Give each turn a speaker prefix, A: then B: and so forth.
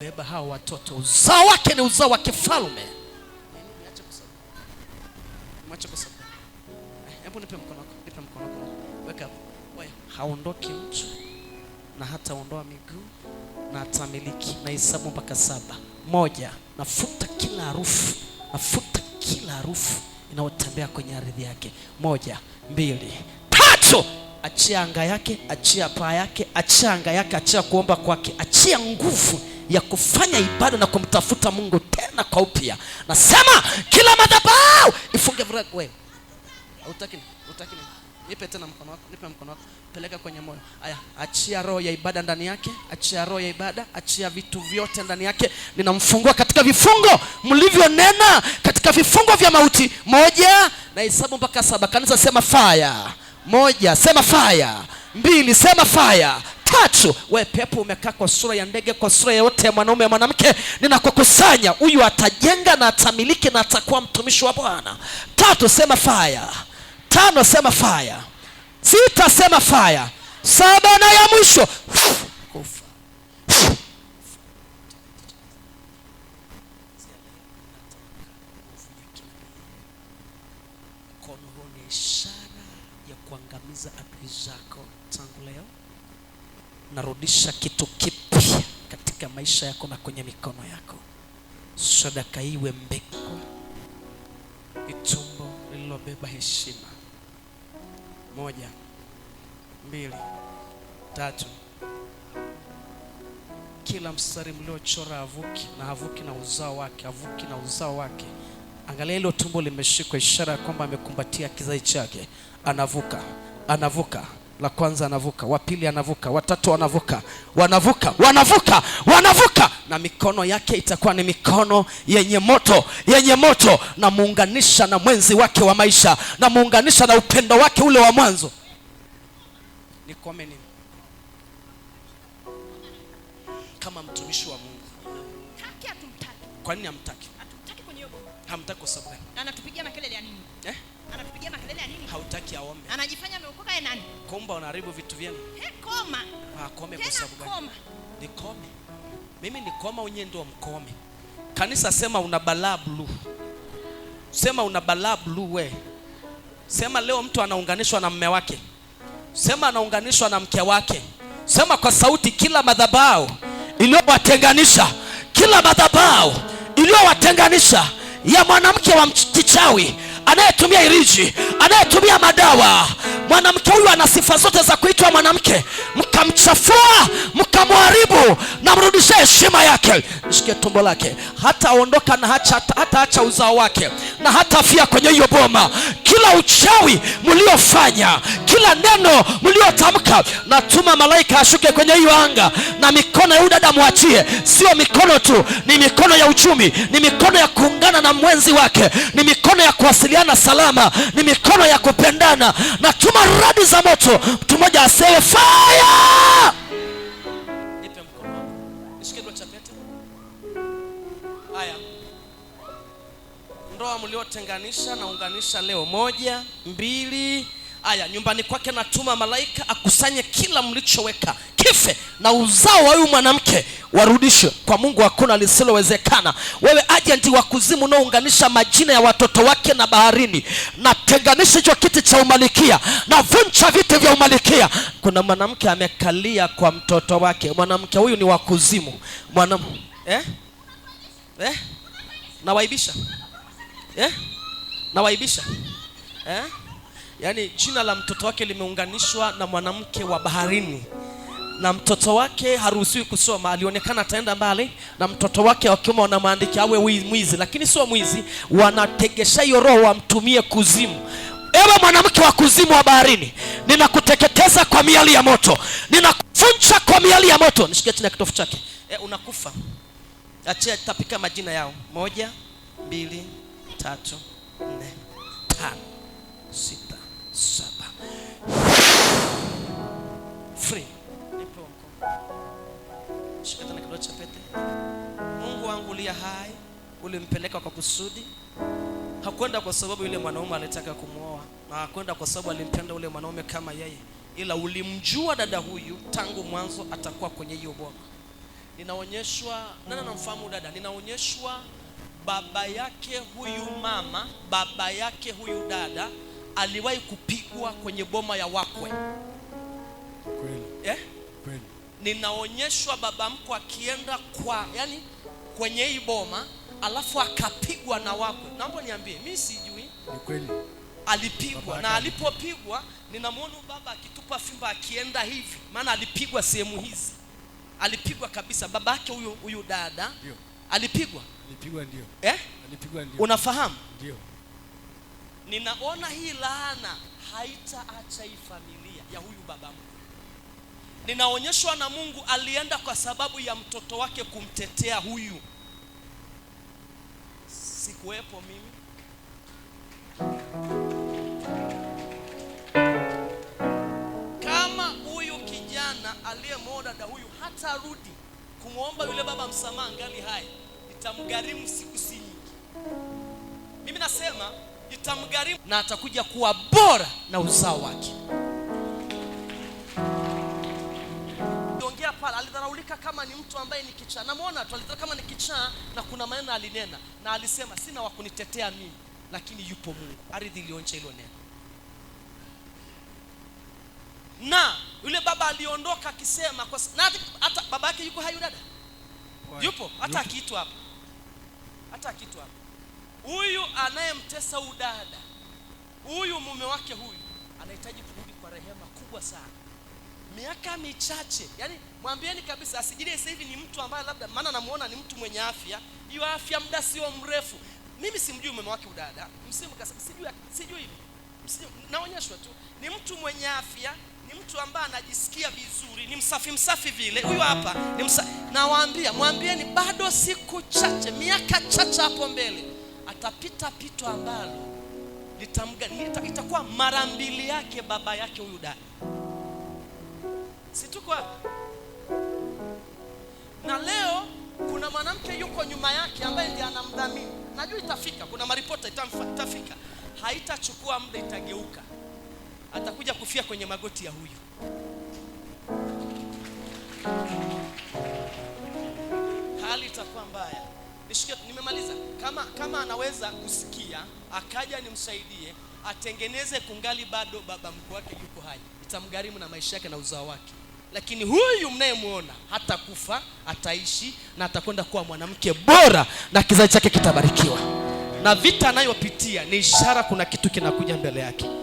A: beba hao watoto, uzao wake ni uzao wa kifalme. Hebu nipe mkono wako, nipe mkono wako, weka hapo. Haondoki mtu na hata ondoa miguu na atamiliki. Na hesabu mpaka saba. Moja, nafuta kila harufu, nafuta kila harufu inayotembea kwenye ardhi yake. Moja, mbili, tatu. Achia anga yake, achia paa yake, achia anga yake, achia kuomba kwake, achia nguvu ya kufanya ibada na kumtafuta Mungu tena kwa upya. Nasema kila madhabahu ifunge Wewe hutaki hutaki, nipe tena mkono wako, nipe mkono wako, peleka kwenye moyo. Aya, achia roho ya ibada ndani yake, achia roho ya ibada, achia vitu vyote ndani yake. Ninamfungua katika vifungo mlivyonena, katika vifungo vya mauti. Moja na hesabu mpaka saba. Kanisa sema fire. Moja sema fire, mbili sema fire tatu, we pepo umekaa kwa sura ya ndege, kwa sura yoyote ya mwanaume ya mwanamke, ninakukusanya huyu, atajenga na atamiliki na atakuwa mtumishi wa Bwana. Tatu, sema faya. Tano, sema faya. Sita, sema faya. Saba, na ya mwisho Ishara ya kuangamiza adui zako tangu leo narudisha kitu kipya katika maisha yako na kwenye mikono yako. Sadaka iwe mbegu, itumbo tumbo lililobeba heshima. Moja, mbili, tatu. Kila mstari mliochora havuki na havuki na uzao wake, havuki na uzao wake. Angalia hilo tumbo limeshikwa, ishara ya kwamba amekumbatia kizazi chake, anavuka, anavuka la kwanza anavuka, wa pili anavuka, watatu wanavuka, wanavuka, wanavuka, wanavuka, na mikono yake itakuwa ni mikono yenye moto, yenye moto, na muunganisha na mwenzi wake wa maisha, na muunganisha na upendo wake ule wa mwanzo. Nikwame nini kama mtumishi wa Mungu? atumtaki. Kwa nini hamtaki? Hamtaki kwa sababu
B: Na anatupigia makelele ya nini? Eh? anatupigia makelele ya nini?
A: Hautaki aombe.
B: Anajifanya ameokoka yeye nani?
A: Kumba unaharibu vitu vyenu. He, koma. Ah, kome kwa sababu gani? Koma. kome. Mimi ni koma unye ndio mkome. Kanisa sema una balaa blue. Sema una balaa blue we. Sema leo mtu anaunganishwa na mume wake. Sema anaunganishwa na mke wake. Sema kwa sauti, kila madhabahu iliyowatenganisha, kila madhabahu iliyowatenganisha ya mwanamke wa kichawi anayetumia iriji, anayetumia madawa. Mwanamke huyu ana sifa zote za kuitwa mwanamke, mkamchafua, mkamharibu, namrudishia heshima yake. Mshike tumbo lake, hataondoka na hacha, hata acha uzao wake na hata fia kwenye hiyo boma. Kila uchawi mliofanya, kila neno mliotamka, natuma malaika ashuke kwenye hiyo anga, na mikono ya udada mwachie. Sio mikono tu, ni mikono ya uchumi, ni mikono ya kuungana na mwenzi wake, ni mikono ya kuwasiliana salama, ni mikono ya kupendana. Natuma radi za moto, mtu mmoja asewe fire mliotenganisha naunganisha leo, moja mbili. Aya, nyumbani kwake natuma malaika akusanye kila mlichoweka kife, na uzao wa huyu mwanamke warudishwe kwa Mungu. Hakuna lisilowezekana. Wewe ajenti wa kuzimu unaounganisha majina ya watoto wake na baharini, natenganisha hicho kiti cha umalikia, na vuncha viti vya umalikia. Kuna mwanamke amekalia kwa mtoto wake, mwanamke huyu ni wa kuzimu. Mwanam eh? Eh? nawaibisha eh? Nawaibisha eh? Yaani jina la mtoto wake limeunganishwa na mwanamke wa baharini, na mtoto wake haruhusiwi kusoma, alionekana ataenda mbali, na mtoto wake wa kiume wanamwandikia awe mwizi, lakini sio mwizi, wanategesha hiyo roho wamtumie kuzimu. Ewe mwanamke wa kuzimu wa baharini, ninakuteketeza kwa miali ya moto, ninakufuncha kwa miali ya moto. Nishike chini ya kitofu chake. E, unakufa. Achia tapika majina yao, moja, mbili tatu, nne, tano, sita, saba. Free. pete. Mungu wangu uliye hai, ulimpeleka kwa kusudi. Hakwenda kwa sababu yule mwanaume alitaka kumwoa, na hakwenda kwa sababu alimpenda yule mwanaume kama yeye, ila ulimjua dada huyu tangu mwanzo atakuwa kwenye hiyo boma. Ninaonyeshwa nani anamfahamu dada? Ninaonyeshwa baba yake huyu mama, baba yake huyu dada aliwahi kupigwa kwenye boma ya wakwe. Kweli. Eh? Kweli. Ninaonyeshwa baba mko akienda kwa yani kwenye hii boma alafu akapigwa na wakwe. Naomba niambie, mimi sijui. Ni kweli. Alipigwa na alipopigwa, ninamwona baba akitupa fimba akienda hivi, maana alipigwa sehemu hizi, alipigwa kabisa. yake huyu huyu dada Dio. alipigwa Alipigwa ndio. Eh? Alipigwa ndio. Unafahamu? Ndio. Ninaona hii laana haitaacha hii familia ya huyu baba mkwe. Ninaonyeshwa na Mungu alienda kwa sababu ya mtoto wake kumtetea huyu. Sikuwepo mimi. Kama huyu kijana aliyemwoa dada huyu hata rudi kumwomba yule baba msamaha ngali hai itamgharimu siku si nyingi. Mimi nasema itamgharimu, na atakuja kuwa bora na uzao wake. Ongea pale, alidharaulika kama ni mtu ambaye ni kichaa. Namwona tu alidharaulika kama ni kichaa, na kuna maneno alinena na alisema, sina wa kunitetea mimi, lakini yupo Mungu. Ardhi ilionja hilo neno na yule baba aliondoka akisema, na hata baba yake yuko hai, dada yupo, hata akiitwa hapa hata kitu hapa. Huyu anayemtesa huyu dada, huyu mume wake huyu anahitaji kurudi kwa rehema kubwa sana. Miaka michache, yani mwambieni kabisa asijilie sasa hivi ni mtu ambaye labda, maana namuona ni mtu mwenye afya, hiyo afya muda sio mrefu. Mimi simjui mume wake udada, msimu kasema sijui, sijui hivi, naonyeshwa tu ni mtu mwenye afya ni mtu ambaye anajisikia vizuri, ni msafi msafi vile. Huyu hapa ni nawaambia, mwambieni bado siku chache, miaka chache hapo mbele atapita pito ambalo itakuwa mara mbili yake baba yake huyu dada. Situko hapa? Na leo kuna mwanamke yuko nyuma yake ambaye ndiye anamdhamini. Najua itafika, kuna maripota itafika, haitachukua muda, itageuka atakuja kufia kwenye magoti ya huyu. Hali itakuwa mbaya. Nishike, nimemaliza. Kama kama anaweza kusikia akaja nimsaidie atengeneze, kungali bado baba mkwe wake yuko hai, itamgharimu na maisha yake na uzao wake. Lakini huyu mnayemwona hatakufa, ataishi na atakwenda kuwa mwanamke bora na kizazi chake kitabarikiwa, na vita anayopitia ni ishara, kuna kitu kinakuja mbele yake.